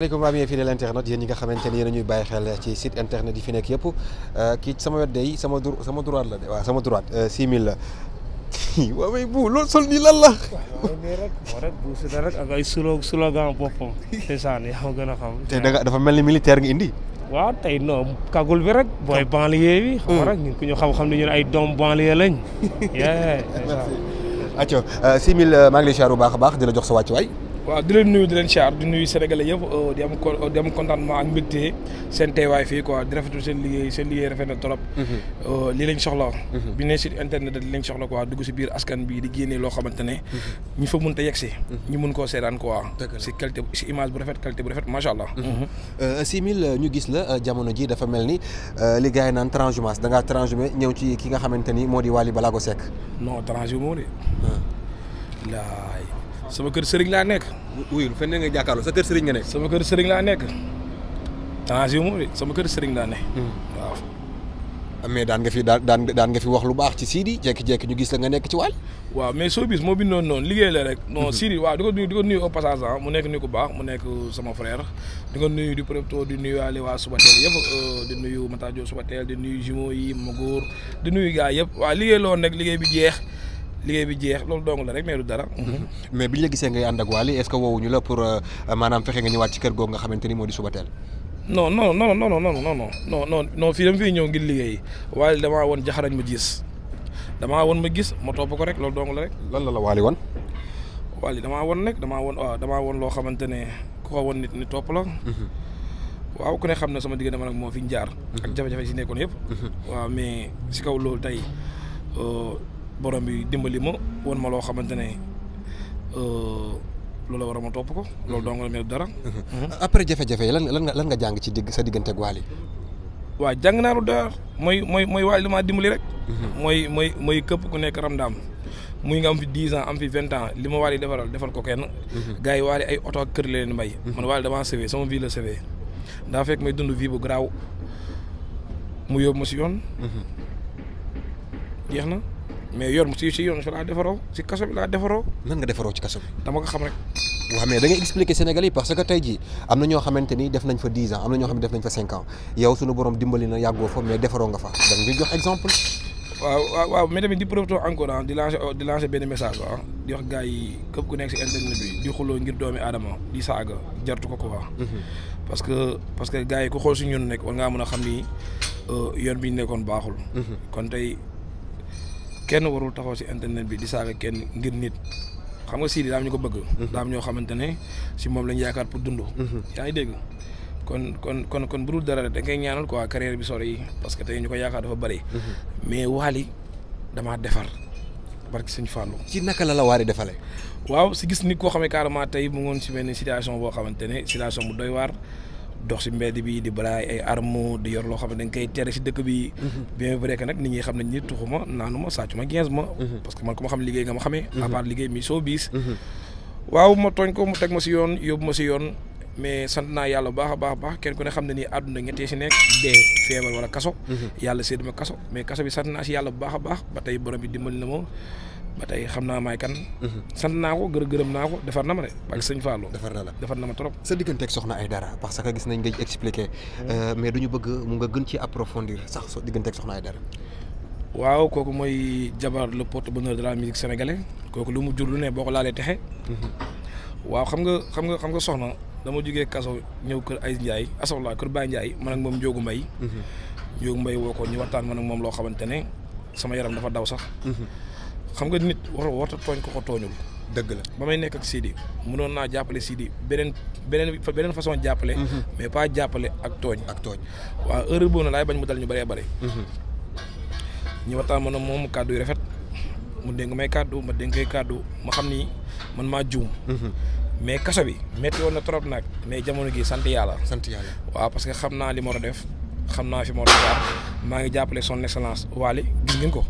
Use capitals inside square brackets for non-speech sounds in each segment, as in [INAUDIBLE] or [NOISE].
maaleykum waa bien fidèle internet yéen ñi nga xamante ni yéen ñuy bàyyi xel ci site internet yi fi euh, kii sama day sama dur sama droite la de waaw sama droite 6000 euh, la waaw mais bu loolu sol lan la. waaw ay slo slogan boppam. te yaa ko gën a xam. te da dafa mel ni militaire nga indi. waaw tey non kagul bi rek. booy banlieue bi. xam rek mm. ñun ku ñu xam-xam ne ñun ay doom banlieue lañ. [LAUGHS] merci. acca 6000 euh, maa ngi bu baax baax di la jox sa wàccuwaay. waaw di leen nuyu di leen siyaar di nuyu sénégalais yëpp oh, di am di ak mbégte seen teewaay fii quoi di rafetlu seen liggéey seen liggéey rafet na trop. Mhm. Oh, lii lañ soxla. Mhm. bi ne si internet li lañ soxla quoi dugg si biir askan bi di génne loo xamante ne. Mhm. ñu fa mënta yegg si. ñu mun koo seetaan quoi. si qualité si bu rafet qualité bu rafet macha allah. Euh, simil euh, ñu gis la euh, jamono ji dafa mel ni li gars yi naan transhumance da ngaa ñëw ci ki nga xamante ni moo di Wally ko Seck. non transhumé moo de. Ah. laay. sama kër sëriñ laa nekk. wuyul fenn nga jàkkaarloo sa kër sëriñ sama kër sëriñ laa nekk tension moom sama kër sëriñ laa nekk. Hmm. waaw. mais daan nga fi daan daan nga fi wax lu baax ci Sidi jékki ñu gis la nga nekk ci wàll. waaw mais soo bis moo bindoon noonu liggéey la rek. non hmm. Sidi waaw di ko di ko nuyu au passage ah, mu nekk ni ku baax mu nekk sama frère di nuyu di préto di nuyuwaale waa Subatel yëpp euh, di nuyu Matadio Subatel di nuyu jumeau yi Magor di nuyu gaa yëpp waa liggéey loon nag liggéey bi jeex. liggéey bi jeex loolu dong la rek mais du dara. mais bi ñu la gisee ngay ànd ak Wally est-ce que woowuñu la pour maanaam fexe nga ñëwaat ci kër googu nga xamante ni moo di suba teel. non non non non non non non non non non fii dama fiy ñëw ngir liggéey Wally damaa woon jaxarañ ma gis damaa woon ma gis ma topp rek loolu dong la rek. lan la la Wally wan. Wally damaa woon rek damaa woon damaa woon loo xamante ne ko woon nit topp la. waaw ku ne xam na sama diggante man ak moo fi ñu jaar. ak jafe-jafe yi si nekkoon yëpp. waaw mais si kaw loolu tey. borom bi dimbali ma won ma loo xamante ne euh, loolu la war a ma topp ko. Mhm. loolu dong la mel dara. Mhm. Mhm. après jafe-jafe lan lan nga lan nga jàng ci digg sa diggante ak Wally. waaw jàng naa lu dara mooy mooy mooy Wally li dimbali rek. mooy mooy mooy képp ku nekk ramdaam muy nga am fi dix ans am fi vingt ans li ma Wally defaral defal ko kenn. gars yi Wally ay oto ak kër la leen may. man Wally damaa sëwee sama vie la sëwee daa fekk may dund vie bu garaaw mu yóbbu ma si yoon. jeex na. mais yor si si yoon si laa defaroo si kaso bi laa defaroo. nan nga defaroo ci kaso bi. dama ko xam rek. waaw mais da ngay expliquer yi parce que tey jii am na ñoo xamante ni def nañ fa dix ans am na xam ne def nañ fa cinq ans yow suñu borom dimbali na da nga jox exemple. waaw waaw waaw mais tamit di profiter encore ah di lancer di lancer benn message ah di wax gars yi képp ku nekk si internet bi di xuloo ngir doomi aadama di saaga jartu ko ko quoi. Ah. Mhm. parce que parce que gars yi ku xool si ñun nekk war ngaa mën a xam ni euh, yoon bi nekkoon baaxul. Mhm. kon tey. kenn warul taxaw si internet bi di saaga kenn ngir nit xam nga Sidi daam ñu ko bëgg. Mhm. daam ñoo xamante ne si moom lañ yaakaar pour dund. Mhm. yaa ngi dégg kon kon kon kon bu dul dara da ngay ñaanal quoi carrière bi sori parce que tey ñu ko yaakaar dafa bëri. Mhm. mais Wally damaa defar barki sëñ Fallou. ci naka la la waari defale waaw si gis nit koo xam ne carrément tey mu ngoon si benn situation boo xamante ne situation bu doy waar. dox si mbedd bi di balaay ay armes di yor loo xam ne dañ koy tere si dëkk bi. Mhm. bien vrai que nag nit ñi xam nañ ni tuxuma naanuma sàccuma gens ma. Mhm. parce que man ku ma xam liggéey nga ma xamee. à mhm. liggéey mi soo biis. waaw ma tooñ ko mu teg ma si yoon yóbbu ma si yoon mais sant naa yàlla baax a baax baax kenn ku ne xam ne nii àdduna ñettee si nekk dee feebar wala kaso. yàlla sédd ma kaso mais kaso bi sant naa si yàlla bu baax a baax ba tey borom bi dimbali na ma. ba tey xam naa maay kan. Mhm. sant naa ko gërë gërëm naa ko defar na ma de ak sëñ Fallou. defar na la defar na ma trop. sa digganteeg soxna ay dara parce que gis nañ ngay expliquer mhm. euh, mais duñu bëgg mu nga gën ci approfondir sax sa digganteeg soxna ay dara. waaw kooku mooy jabar le porte-bonheur de la musique sénégalaise kooku lu mu jur lu ne boo ko laalee texe. Mhm. waaw xam nga xam nga xam nga soxna dama jógee kaso ñëw kër ay Ndiaye asoxla kër Baye Ndiaye man ak moom Ndiogou mbay Ndiogou Mbaye woo ko ñu waxtaan man nag moom loo xamante ne sama yaram dafa daw sax. xam nga nit war warta tooñ ko ko tooñul dëgg la ba may nekk ak Sidi mënoon naa jàppale Sidi beneen beneen beneen façon jàppale mhm. mais pas jàppale ak tooñ ak tooñ waaw heure na laay bañ mu dal ñu bëree bëri mhm. ñu waxtaan ma ne moom kàddu yu rafet mu dénk may kàddu ma dénkay kàddu ma xam ni man maa juum mhm. mais kaso bi metti woon na trop nag mais jamono gi sant yàlla sant yàlla waaw parce que xam naa li ma def xam naa fi moo war a maa ngi jàppale son excellence Waly gis ngeen ko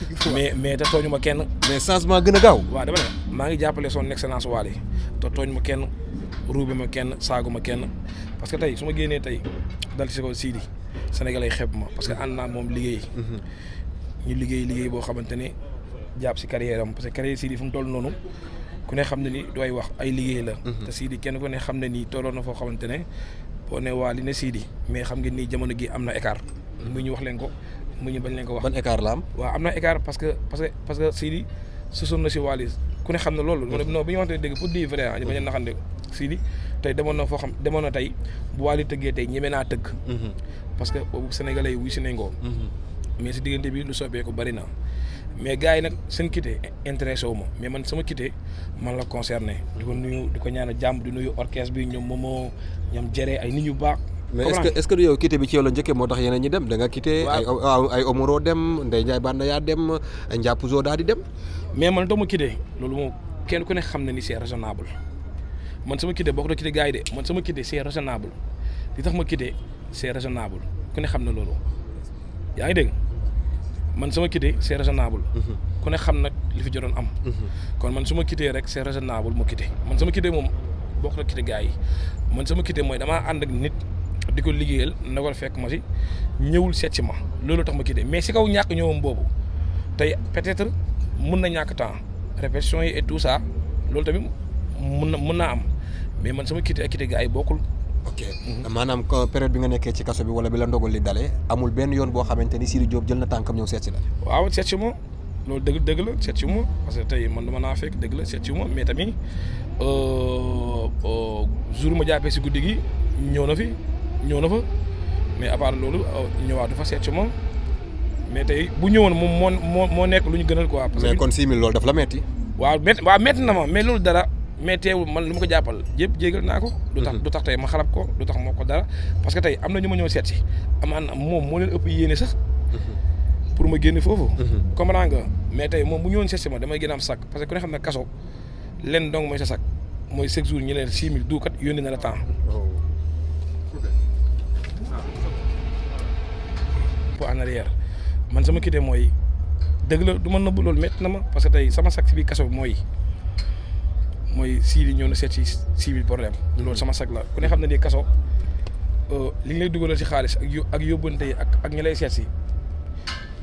[LAUGHS] mais mais te tooñu ma kenn. mais changement gën a gaaw. waaw dama ne maa ngi jàppale son excellence Wally te tooñ ma kenn ruube ma kenn saagu ma kenn parce que tey su ma génnee tey dal ci ko Sidi Sénégal ay xeeb ma parce que ànd moom liggéey. Mm-hmm. ñu liggéey liggéey boo xamante ne jàpp si carrière am parce que carrière Sidi fu mu toll noonu. ku ne xam ne ni dooy wax ay liggéey la. Mm-hmm. te Sidi kenn ku ne xam ne nii tolloon na foo xamante ne boo ne waa li ne mais xam nga jamono gi am na écart. Mm-hmm. muy ñu wax leen ko mu ñu bañ leen ko wax. ban écart la am. waaw am na écart parce que parce que parce que Sidi susoon na si Walis ku ne xam ne loolu. Mm-hmm. non bu ñu waxantee dëgg pour dire vrai ah ñu bañ a ko mm-hmm. Sidi tey demoon na foo xam naa tëgg. Mm-hmm. parce que boobu sénégalais wuy si nañ ko. mais si diggante bi lu soppeeku bari na mais gars yi nag seen quitté intéressé wu ma mais man sama quitté man la concerné. di ko nuyu di ko ñaan jàmm di nuyu orchestre bi ñoom Momo ñoom Jere ay nit yu baax. mais est est-ce que du yow quitté bi ci yow la njëkkee moo tax yeneen ñi dem da nga quitté. waaw ay ay dem Ndeye Ndiaye Banda yaa dem Ndiapou Zo daal di dem. mais man dama quitté loolu moom kenn ku ne xam na ni c'est raisonnable man sama quitté boo ko doon quitté man sama quitté c'est raisonnable li ma quitté c'est raisonnable ku ne xam na loolu yaa ngi dégg man sama quitté c'est raisonnable. Mhm. ku ne xam nag li fi jotoon am. Mhm. kon man su ma quitté rek c'est raisonnable ma quitté man sama quitté moom boo ko doon quitté gars yi man sama quitté mooy damaa ànd ak nit. di ko liggéeyal na fekk ma si ñëwul seet ma loolu tax ma kii de mais si kaw ñàkk ñëwam boobu tey peut-être mun na ñàkk temps répétition yi et tout ça loolu tamit mun na mun naa am mais man sama quitté ak quitté gars yi bokkul. ok mhm. maanaam période bi nga nekkee ci kaso bi wala bi la ndogal li dalee amul benn yoon boo xamante ni Sidy Diop jël na tànkam ñëw seet la. waaw seet si loolu dëgg dëgg la seet si ma parce que tey man dama naa fekk dëgg la seet si ma mais tamit euh, euh, jour si guddi gi ñëw na fi. ñëw na fa mais à loolu euh, ñëwaat du fa seet si moom mais tey bu ñëwoon moom moo moo moo nekk lu ñu gënal quoi. parce mais kon 6 000 loolu daf la metti waaw métti waaw métti na ma mais dara mais teewul man lu ma jàppal yëpp jégal naa ko. du tax mhm. du tax tey ma xarab ko du tax moo ko dara parce que tey am na ñu ma ñëw seet si moom moo leen ëpp yéene sax. Mhm. pour ma génn foofu. Mhm. comprends nga mais tey moom bu ñëwoon seet si ma damay gën a am sac parce que ku ne xam ne kaso lenn dong mooy sa sac mooy chaque jour ñu leen 6 000 duukat yónnee na la temps. Oh. peu en arrière man sama quitté mooy dëgg la du ma nëbb loolu métti na ma parce que tey sama sac bi kaso bi mooy sii Sidy ñëw na seet si civil problème loolu sama sac la ku ne xam ne nii kaso euh, li ñu lay dugalal si xaalis ak yu ak yóbbante yi ak ak ñi lay seet si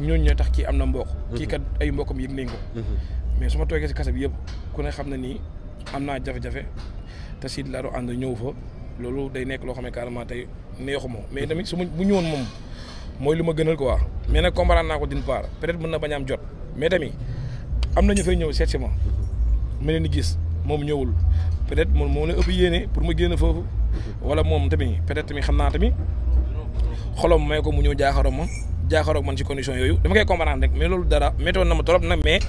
ñooñu ñoo tax kii am na mbokk. Mhm. kii kat ay mbokkam yëg nañ ko. Mhm. mais su ma toogee si kaso bi yëpp ku ne xam ne nii am naa jafe te Sidy laa ànd ñëw fa loolu day nekk loo xam ne carrément tey neexu ma mais tamit su bu ñëwoon moom mooy lu ma gënal quoi mais nag comprendre naa ko d'une part peut-être mën na bañ am jot mais tamit am na ñu fay ñëw seet si ma ma leen gis moom ñëwul peut-être moom moo la ëpp yéene pour ma génn foofu wala moom tamit peut-être tamit xam naa tamit xolom may ko mu ñëw jaaxarom ma. jaaxaroog man ci condition yooyu dama koy comprendre rek mais loolu dara méttoon na ma trop nag mais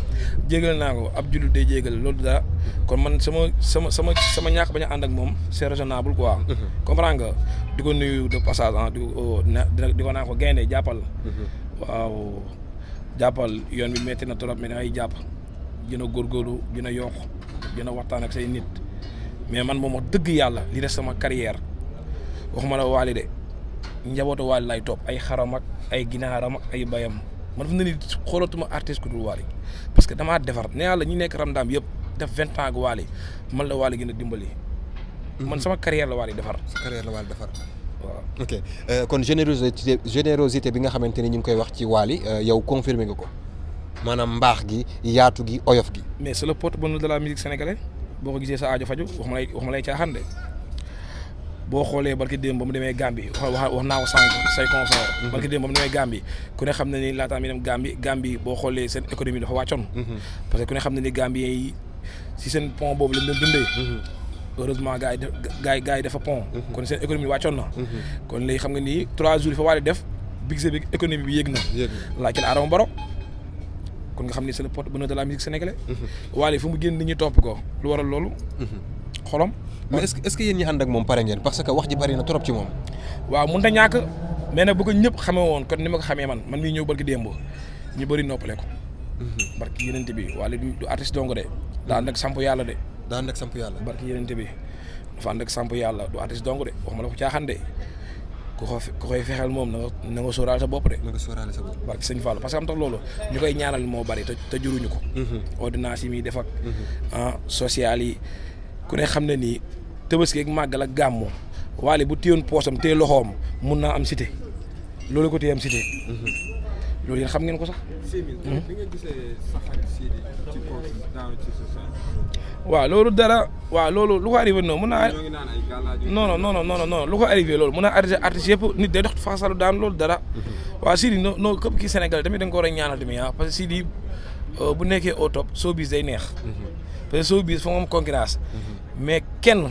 jégal naa ko ab jullit day jégal loolu dara kon man sama sama sama sama ñàkk bañ a ànd ak moom c'est raisonnable quoi. Mhm. comprendre nga di ko nuyu de passage ah di ko oh, di ko gaynde jàppal. Mhm. yoon bi métti na trop mais da jàpp gën a góorgóorlu gën a yokk gën a waxtaan ak say nit mais man moom wax dëgg yàlla li des sama carrière waxuma la waali de. njabootu waali lay topp ay xaram ak ay ginaaram ak ay bayam man fi mu ne nii xoolatuma artiste ku dul waali parce que damaa defar ne naa la ñi nekk ramdaam yëpp def vingt ans ak waali man la waali gën a dimbali. Mhm. man sama carrière la waali defar. sa carrière la waali defar. waaw ok euh, kon générosité générosité bi nga xamante ni ñu ngi koy wax ci waali euh, yow confirmer nga ko maanaam mbaax gi yaatu gi oyof gi. mais c'est le porte-bonheur de la musique sénégalaise boo ko gisee sa aajo faju wax ma boo xoolee barki dem ba mu demee Gambie wax wax naa ko sànq say confrères. Mhm. barki démb ba mu demee Gambie ku ne xam boo xoolee seen économie dafa wàccoon. Mhm. parce que ku ne xam na ni Gambien la si seen pont boobu lañ doon dundee. Mhm. heureusement gars yi dafa pont. kon seen économie wàccoon na. kon léegi xam nga ni trois jours yi fa waa def big bi économie bi yéeg na. yéeg na laajte Adama Baro. kon nga xam ni c'est pot porte-bonheur de la musique sénégalaise. waaye fu mu génn nit ñi topp ko lu waral loolu. xolom mais est-ce que est-ce moom pare ngeen parce que wax ji bari na trop ci moom. waaw mënut a ñàkk mais nag bu xamee woon kon ni ma ko xamee man man mii ñëw barki démb ñu bëri noppale ko. Mhm. barki yenente bi wala du artiste dong de. daa ànd ak samp yàlla de. daa ànd yàlla. barki yenente bi dafa am ak samp yàlla du artiste dong de waxuma la ko caaxaan de ko koy fexeel moom na nga na nga sóoraale sa bopp de. na nga sóoraale sa parce que am tax loolu ñu koy ñaanal moo bari te te juruñu ko. Mhm. ordonnance yi muy def mhm. ah, social yi. ku ne xam na nii Tabaski ak màggal ak gàmmu Wally bu téyoon poosam téye loxoom mun naa am cité loolu ko téye am cité. Mhm. loolu yéen xam ngeen ko sax. Mhm. waaw loolu dara waa loolu lu ko arrivé noonu mun naa. non non non non non lu ko arrivé loolu mun naa arrêté artiste yëpp nit day dox faasaalu daan loolu dara. Mhm. waaw Sidi non non képp kii Sénégal tamit da nga ko a ñaanal tamit ah parce que Sidi euh, bu nekkee au top showbiz day neex. parce que showbiz fa moom concurrence. mais kenn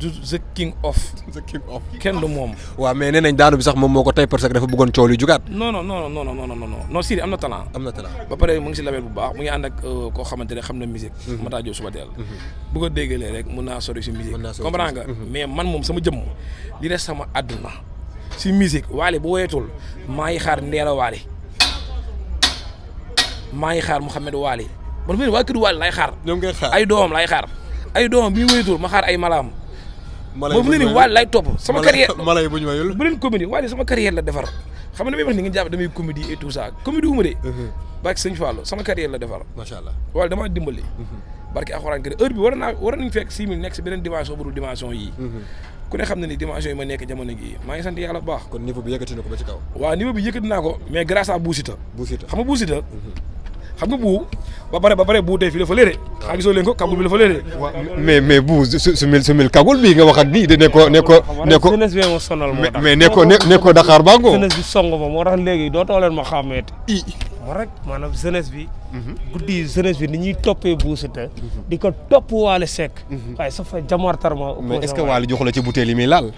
du the king of. the king kenn du moom. waaw mais nee nañ daanu bi sax moom moo ko tey parce que dafa bëggoon jugaat. non non non non non non am na talent. am na talent ba pare mu ngi si label bu baax mu ngi ànd ak euh, koo xamante ne xam na musique. Mhm. Mataa Diop suba teel. Mhm. bu ko déggalee rek mun naa sori si musique. comprends nga mhm. mais man moom sama jëmm li des sama àdduna si musique waale bu woyatul maa ngi xaar Ndeela Waale maa ngi xaar Mouhamed Waale man mii waa kër Waale laay xaar. ñoom ngay ay doomam laay xaar. ay doomam bi ñu wéyatul ma xaar ay malaam. mala yi [LAUGHS] bu ñu wàll lay topp sama carrière mala bu ñu wayul bu leen comédie waaye sama carrière la defar xam nga damay wax nga jàpp damay ma ni dimension yi ma nekk jamono gi bu baax. kon ko ba ci kaw. waaw niveau bi yëkkati naa ko mais grâce à Boussita. xam nga bu ba pare ba pare bu tey fii dafa léere leen ko kagul bi dafa léere mais mais bu su mil su mil kagul bi nga wax ak nii de ne ko ne ko ne ko mais ne ko ne ko Dakar baa ngoo jeunesse bi song ma moo dootoo leen ma xàmmeete i ma rek maanaam jeunesse bi mhm. guddi jeunesse ni ñuy toppee Bou Siteu di ko topp Wally Seck mhm. waaye sa fa jamartar ma mais est-ce que Wally joxu ci butéel yi muy laal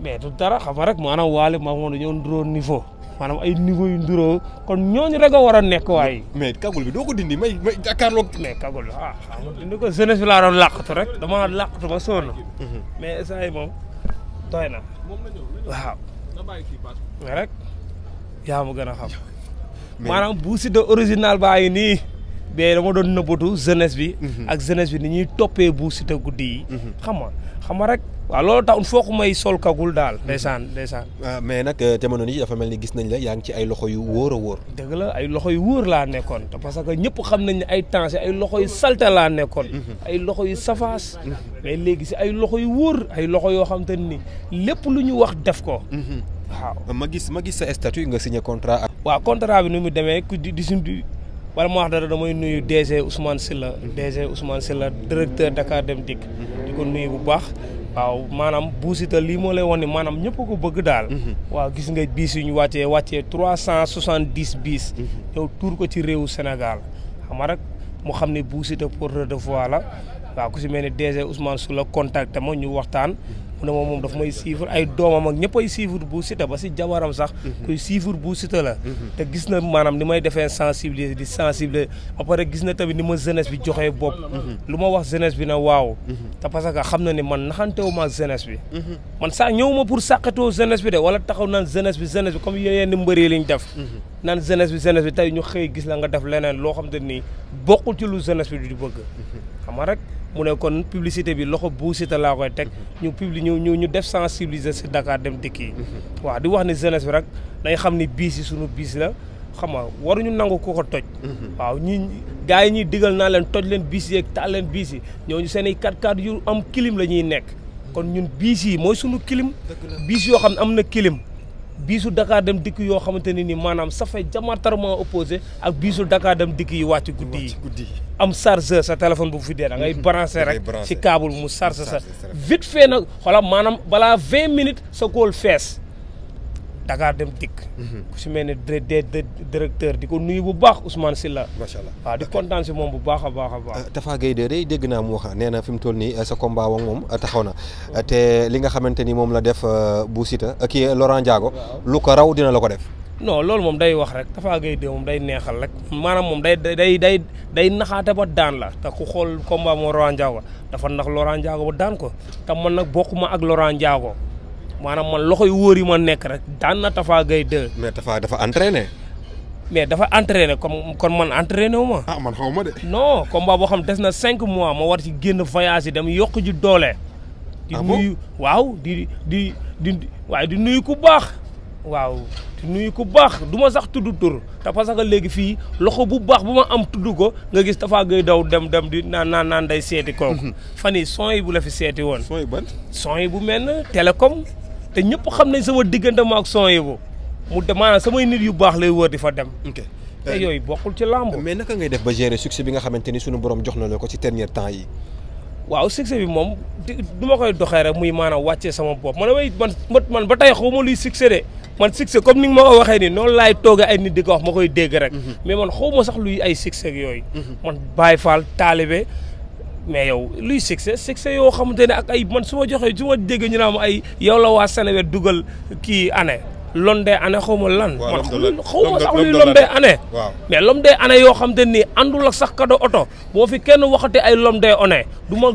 mais tu dara xam nga rek maanaam waale maa moom dañoo nduroo niveau maanaam ay niveau yu nduroo kon ñooñu rek a war a nekk waaye. mais kagul bi doo ko dindi ma may jàkkaarloog. mais kagul ah bi laa doon làqatu rek dama làqatu ba sonn. mais instant yi moom na waaw. nga rek yaa ma gën a xam. maanaam bu si original baa ngi mais dama doon nëbbatu jeunesse bi. Mhm. ak jeunesse bi ni ñuy toppee bu Siteu guddi yi. Mhm. xam nga xam nga rek. waaw loolu tax foog may sol kagul daal. ndeysaan ndeysaan. Ah, mais nag euh, jamono ji dafa mel ni gis nañ la yaa ngi ci ay loxo yu wóor a wóor. dëgg la ay loxo yu wóor laa nekkoon te parce que ñëpp xam nañ ne ay temps si ay loxo yu salte laa nekkoon. Mhm. ay loxo yu safaas. mais léegi si ay loxo yu wóor ay loxo yoo xam te nii lépp lu ñu wax def ko. waaw ma gis ma gis sa statut nga signé contrat ak. contrat bi nu mu demee ku di di wala ma wax dara damay nuyu DG Ousmane Sylla mhm. DG Ousmane la directeur Dakar Dem Dikk mhm. di ko nuyu bu baax waaw maanaam Bou Siteu lii moo lay won ni maanaam ñëpp ko bëgg daal mhm. waaw gis nga biis yu ñu wàccee wàccee trois cent soixante dix biis yow tuur ko ci réewu Sénégal xam nga rek mu xam ne Bou Siteu porteur de voix la waaw ku si mel ni DG su la contacté ma ñu waxtaan mu ne moom moom daf may suivre ay doomam ak ñëpp ay suivre bu Siteu ba si jabaram sax mhm. kuy suivre bu Siteu la mhm. te gis na maanaam ni may defee sensibiliser di sensibiliser ba pare gis na tamit ni ma jeunesse bi joxee bopp mhm. lu ma wax jeunesse bi ne waaw te parce que xam na ni man naxantewuma jeunesse bi man sax ñëwuma pour sàqatoo jeunesse bi de wala taxaw naan jeunesse bi jeunesse bi comme yeneen mbëri def naan jeunesse bi jeunesse bi tey ñu xëy gis la nga def leneen loo xam te nii bokkul ci lu jeunesse bi du bëgg xam nga rek mu ne kon publicité bi loxo Bou Siteu laa koy teg mhm. ñu publi ñu ñu ñu def sensibiliser si Dakar dem dikk yi mhm. waaw di wax ne jeunesse bi rek dañ xam ni biis yi suñu biis la xam nga waruñu nangu ku ko toj mhm. waaw ñi gars yi ñuy digal naa leen toj leen biis yeeg taal leen biis yi ñooñu seen i kat kat yu am kilim la ñuy nekk kon ñun biis yi mooy suñu kilim biis yoo xam ne am na kilim biisu Dakar dem dikk yoo xamante ne ni maanaam ça fait diamétralement opposé ak biisu Dakar dem dikk yi wàcc guddi yi am chargeur sa téléphone bu fi dee da ngay mhm. branché rek ci câble mu charge sa vite fait nag xoolal maanaam balaa vingt minutes sa kóol fees Dakar dem dikk. Mhm. ku si mel ne directeur di ko nuyu bu baax Ousmane Sylla. macha allah waaw di kontaan si moom bu baax a baax a baax. Euh, Tafa Gueye de dégg naa mu wax nee na fi mu toll nii euh, sa combat moom euh, taxaw na te li nga xamante ni moom la def bu Siteu kii Laurent lu ko raw dina la ko def. non loolu moom day wax rek Tafa Gueye de moom day neexal rek maanaam moom day day day day naxaate ba daan la te ku xool combat moom Laurent Ndiago dafa nax Laurent Ndiago ba daan ko nag bokkuma ak Laurent Ndiago. maanaam man loxo yu wóor yi ma nekk rek daan na Tafa Gueye 2. mais Tafa dafa entraîné. mais dafa entraîné comme kon man entraîné wu ma. ah man xaw ma de. non combat boo xam des na cinq mois ma war si génn voyage yi dem yokk ji doole. di ah nuyu waaw di di di waaye di nuyu ku baax. waaw di nuyu ku baax duma sax tudd tur te parce que léegi fii loxo bu baax bu ma am tudd ko nga gis Tafa gay daw dem dem di naan naan naan day seeti kooku. Mhm. fan yii son yi bu la fi seeti woon. son yi ban son yi bu mel ne télécom. te ñëpp xam nañ sama diggante ma ak son yëngu mu de maanaam samay nit yu baax lay wër di fa dem. te euh, yooyu bokkul ci làmb. mais naka ngay def ba gérer succès bi nga xamante ni sunu borom jox na la ko ci dernier temps yi. waaw succès bi moom du ma koy doxee rek muy maanaam wàccee sama bopp man damay man man ba tey xaw ma luy succès de man succès comme ni nga ma ko waxee nii noonu laay toogee ay nit di ko wax ma koy dégg rek. Mhm. mais man xaw ma sax luy ay succès ak yooyu. Mhm. man Baye Fall taalibe mais yow luy succès succès yoo xamante ne ak ay man su joxee su ma dégg ñu naan ay yow la waa Sénégal dugal kii année. lom des années xaw ma lan. waaw man xaw sax luy lom des mais lom des yoo xam te nii àndul ak sax kado oto boo fi kenn waxate ay lom des années du ma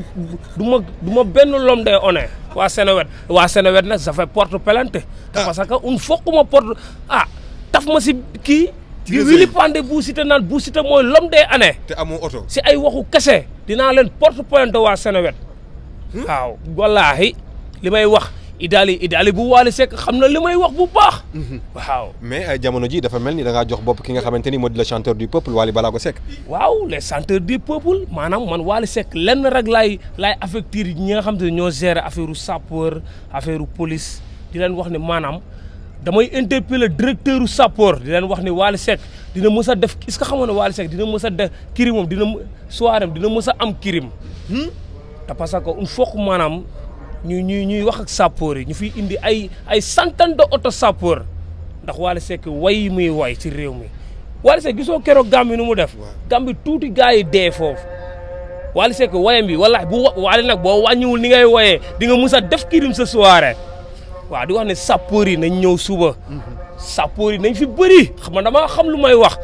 du ma du ma benn lom des années waa Senewet waa Senewet nag sax fait porte plainte. Ah. parce que un foog ma porte ah taf ma si kii. di wili pande Bou Siteu naan Bou Siteu mooy l'homme des années. te amoo oto si ay waxu kese dinaa leen porte plainte waa Seneweb. Hmm? waaw wallaahi li may wax. idaali idaali bu Waly sekk xam na li may wax bu baax. Mhm. waaw mais euh, jamono ji dafa mel ni da ngaa jox bopp ki nga xamante ni moo di le chanteur du peuple Waly Balago Seck. waaw les chanteurs du peuple maanaam man Waly Seck lenn rek laay laay affecté ñi nga xam te ne ñoo gérer affaire u sapeur u police di leen wax ne maanaam. damay interpeller directeur u SAPOR di leen wax ni Wally Seck dina mës a def est-ce que xamoon ne Wally Seck dina mës a def kirimam dina soirée dina mës a am kirim hmm? te parce que un foog maanaam ñuy ñu ñuy wax ak SAPOR yi ñu fiy indi ay ay centaine oto SAPOR ndax Wally Seck way muy way ci réew mi Wally Seck gisoo keroog gàmm bi nu mu def gàmm bi tuuti gars yi dee foofu Wally Seck wayam bi wala bu Wally nag boo wàññiwul ni ngay woyee di nga mës a def kirim sa soirée waaw di wax ne sappoor yi nañ ñëw suba. sappoor yi nañ fi bëri xam nga damaa xam lu may wax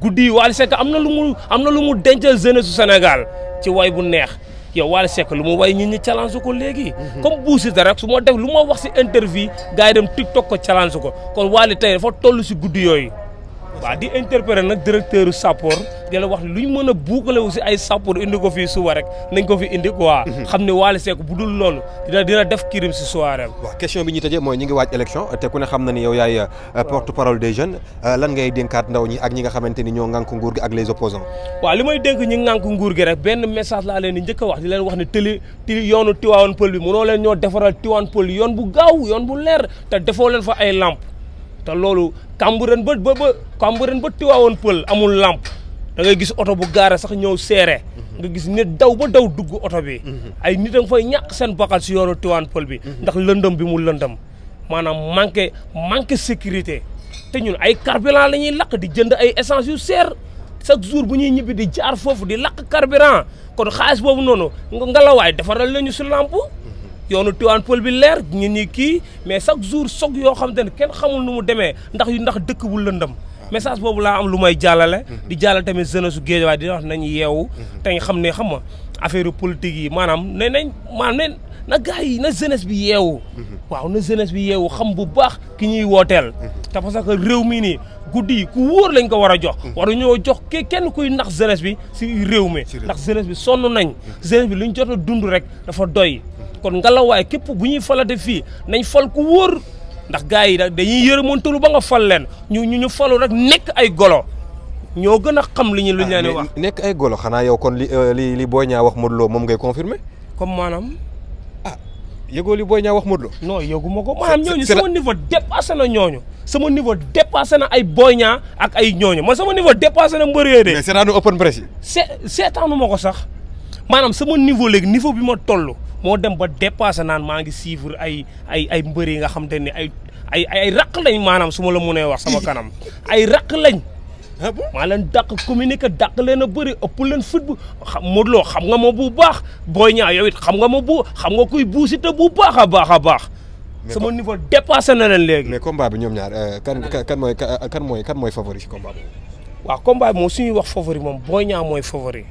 guddi yi Wally am na lu mu am na lu mu dencal jeunesse su Sénégal ci way bu neex. yow Wally Seck lu mu way ñit ñi challenge ko léegi mhm. comme Bou Siteu rek su ma def lu ma wax si interview gars yi dem TikTok ko challenge ko kon Wally tey dafa toll si guddi yooyu waa di interpeller nag directeur u sappoor wax lu ñu mën a buukale wu si ay sappoor indi ko fii suba rek nañ ko fi indi quoi. Mhm. xam ne Wally Seck bu dul loolu dina def kirim si soirée waaw question bi ñu tëjee mooy ñu ngi waaj élection te ku ne xam na ni yow yaay euh, porte parole des jeunes euh, lan ngay dénkaat ndaw ñi ak ñi nga xamante ni ñoo ŋànk nguur gi ak les opposants waaw li may dénk ñi ŋànk nguur gi rek benn message laa leen di njëkk wax di leen wax ne tëli tëli yoonu Tiwaawan Pël bi mënoo leen ñoo defaral Tiwaawan Pël yoon bu gaaw yoon bu leer te defoo leen fa ay lampe te loolu Cambérène ba ba ba Cambérène ba tiwaawoon pël amul lampe da ngay gis oto bu gaare sax ñëw seere mhm. nga gis nit daw ba daw dugg oto bi mhm. ay nit a nga ñàkk seen bakkan si yoonu tiwaan pël bi mhm. ndax lëndëm bi mu lëndëm maanaam manqué manqué sécurité te ñun ay carburant la ñuy lakk di jënd ay essence yu seer chaque jour bu ñuy ñibbi di jaar foofu di lakk carburant kon xaalis boobu noonu nga la waay defaral la ñu si làmpu yoonu Tivaouane Peulh bi leer ñi ñi kii mais chaque jour soog yoo xam te ne kenn xamul nu mu demee ndax yu ndax dëkk bu lëndëm message boobu laa am lu may jàllale mhm. di jàllale tamit jeunesse su Guédiawaye di wax nañu yeewu mhm. te xam ne xam nga affaire politique yi maanaam ne nañ maanaam ne na na jeunesse bi yeewu mhm. waaw na jeunesse bi yeewu xam bu baax ki ñuy wooteel te parce que réew mii nii guddi ku wóor lañ ko war a jox war waru ñoo jox ke kenn kuy nax jeunesse bi si réew mi ndax jeunesse bi sonn nañ jeunesse bi lu ñu jot a dund rek dafa doy kon ngalawaay képp bu ñuy falate fii nañ fal ku wóor ndax gars yi dañuy yërëmantalu ba nga fal leen ñu ñu ñu falu rek nekk ay golo ñoo gën a xam li ñu lu leen ah, wax. nekk ay golo xanaa yow kon li euh, li li Boy Niang wax Modou Lo moom ngay confirmer comme maanaam. Ah, yëgoo li Boy Niang wax Modou Lo. non yëgu ma ko maanaam ñu sama niveau dépassé na ñooñu. sama niveau dépassé na ay Boy Niang ak ay ñooñu man sama niveau dépassé na mbër yooyu de. mais seetaanu se seetaanu ma ko sax maanaam sama niveau léegi niveau bi ma toll moo dem ba dépassé naan maa ngi suivre ay ay mbër yi nga xam te ne ay ay ay raq lañ maanaam su ma la mënee wax sama kanam [LAUGHS] ay raq lañ. Ah maa leen dàq communiqué dàq leen a bëri ëpp leen fit bu xam Modou xam nga ma bu baax booy Niang yow it xam nga ma bu xam nga kuy buusite bu baax a baax a baax. sama niveau dépassé na leen léegi. mais combat bi ñoom ñaar euh, kan kan mooy kan mooy mooy favori si combat bi. waaw combat bi suñuy wax favori moom Boy ñaa mooy favori.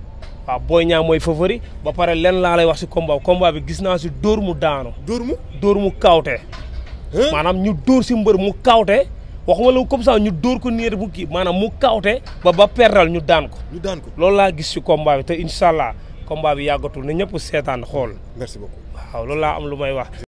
waaw Boy Niang mooy favori ba pare len laa lay wax si combat combat bi gis naa si dóor mu daanu. dóor mu dóor mu kawte maanaam ñu dóor si mbër mu kaawte waxuma la comme ça ñu dóor ko niir bu kii maanaam mu kawte ba ba perral ñu daan ko. ñu loolu laa gis si combat te incha allah combat bi yàggatul na ñëpp seetaan xool. merci laa am lu may wax.